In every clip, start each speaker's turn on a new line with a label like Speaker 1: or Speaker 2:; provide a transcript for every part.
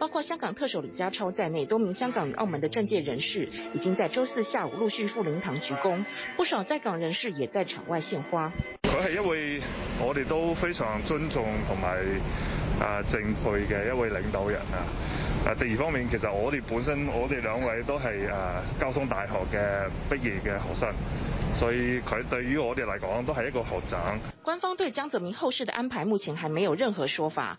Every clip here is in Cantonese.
Speaker 1: 包括香港特首李家超在內，多名香港與澳門的政界人士已經在周四下午陸續赴靈堂鞠躬。不少在港人士也在場外獻花。佢係一位我哋都
Speaker 2: 非常尊重同埋啊敬佩嘅一位領導人啊。啊、呃，第二方面，其實我哋本身我哋兩位都係啊交通大學嘅畢業嘅學生，所以佢對於我哋嚟講都係一個學長。
Speaker 1: 官方對江澤民後事的安排目前還沒有任何說法。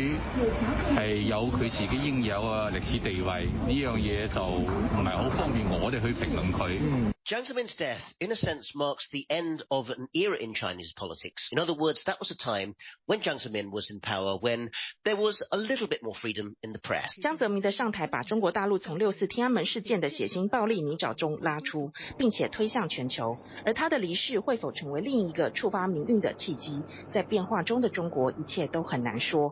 Speaker 3: 係有佢自己應
Speaker 2: 有嘅
Speaker 4: 歷史
Speaker 2: 地位，呢樣嘢就唔係好方便我哋去評論佢。
Speaker 1: 江澤民的上台把中國大陸從六四天安門事件的血腥暴力泥沼中拉出，並且推向全球。而他的離世會否成為另一個觸發命運的契機？在變化中的中國，一切都很難說。